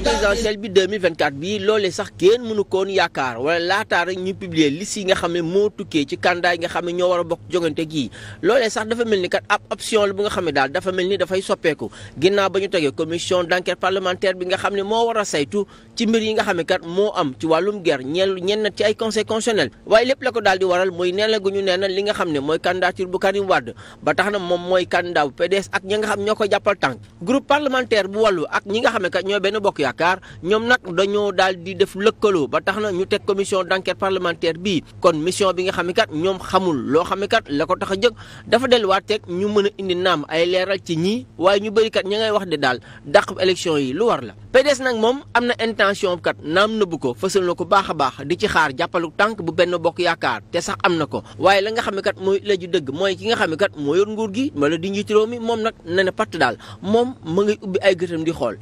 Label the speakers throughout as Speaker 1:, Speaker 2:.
Speaker 1: présidentielle bi 2024 bi loolee sax kenn mënu koon yaakaar wala laataa rek ñu publier liste yi nga xam ne moo tukkee ci candidat yi nga xam ne a bokk jogante ni kat ab option xam daal dafa mel ni dafay soppeeku ginnaaw ba ñu tegee commission d'enquête parlementaire bi nga xam ne moo war a saytu ci mbir yi nga xam ne kat moo am ci wàllum guerre ñeel ñenn ci ay conseil constitutionnel waaye lépp la ko daal waral mooy nee na gu li nga xam ne mooy candidature bu Karim Wade ba tax na moom mooy candidat bu PDS ak ñi nga xam ñoo ko jàppal tànk groupe parlementaire bu wàllu ak ñi nga xam kat ñoo benn yaakaar ñoom nag dañoo daal di def lëkkaloo ba tax na ñu teg commission d'enquête parlementaire bii kon mission bi nga xam ne ñoom xamul loo xam ne la ko tax a jóg dafa delluwaat teg ñu mën a indi naam ay leeral ci ñii waaye ñu bëri ña ngay wax de daal dàq élection yi lu war la PDS nag moom am na intention kat naam nëbbu ko fësal na ko baax a baax di ci xaar jàppalu tànk bu benn bokk yaakaar te sax am na ko waaye la nga xam mooy la ju dëgg mooy ki nga xam moo yor nguur gi wala di njiit réew mi moom nag ne na patt daal moom mu ngi ubbi ay gëtam di xool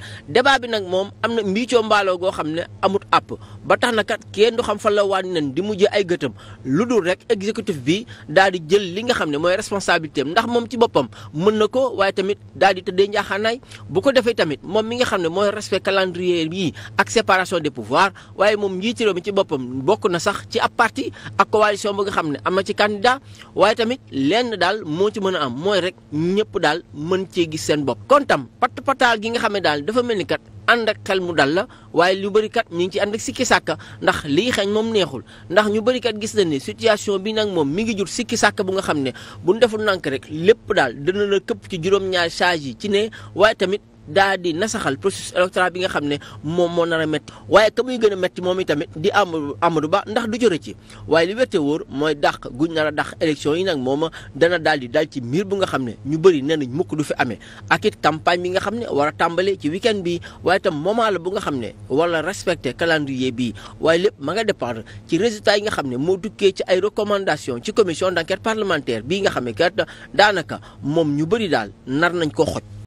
Speaker 1: am na mbiicoo mbaaloo goo xam ne amut àpp ba tax na kat kenn du xam fan la waa nen di mujj ay gëtëm lu dul rek exécutif bi daal di jël li nga xam ne mooy responsabilité ndax moom ci boppam mën na ko waaye tamit daal di tëddee njaaxaanaay bu ko defee tamit moom mi nga xam ne mooy respect calendrier bi ak séparation des pouvoirs waaye moom njiiti mi ci boppam bokk na sax ci ab parti ak coalition bu nga xam ne am na ci candidat waaye tamit lenn daal moo ci mën a am mooy rek ñëpp daal mën cee gis seen bopp kon tam pat pataal gi nga xam ne daal dafa mel ni kat ànd ak xel mu dal la waaye lu bëri kat ñu ngi ci ànd ak sikki sàkk ndax li xeeñ moom neexul ndax ñu bëri gis nañ ni situation bi nag moom mi ngi jur sikki sàkk bu nga xam ne bu ñu deful nànk rek lépp daal dina la këpp ci juróom-ñaari charge yi ci ne waaye tamit daa di nasaxal processus électoral bi nga xam ne moom moo nar a métti waaye ka muy gën a métti moom itamit di am Amadou Ba ndax du jore ci waaye li wérte mooy dàq guñ nar a dàq élection yi nag moom dana daal di ci miir bu nga xam ne ñu bëri nee nañ mukk du fi amee ak it campagne bi nga xam ne a tàmbale ci week bi waaye itam moment la bu nga xam ne wala respecté calendrier bii waaye lépp ma nga dépendre ci résultat yi nga xam ne moo dukkee ci ay recommandation ci commission d'enquête parlementaire bii nga xam ne kat daanaka moom ñu bëri daal nar nañ koo xoj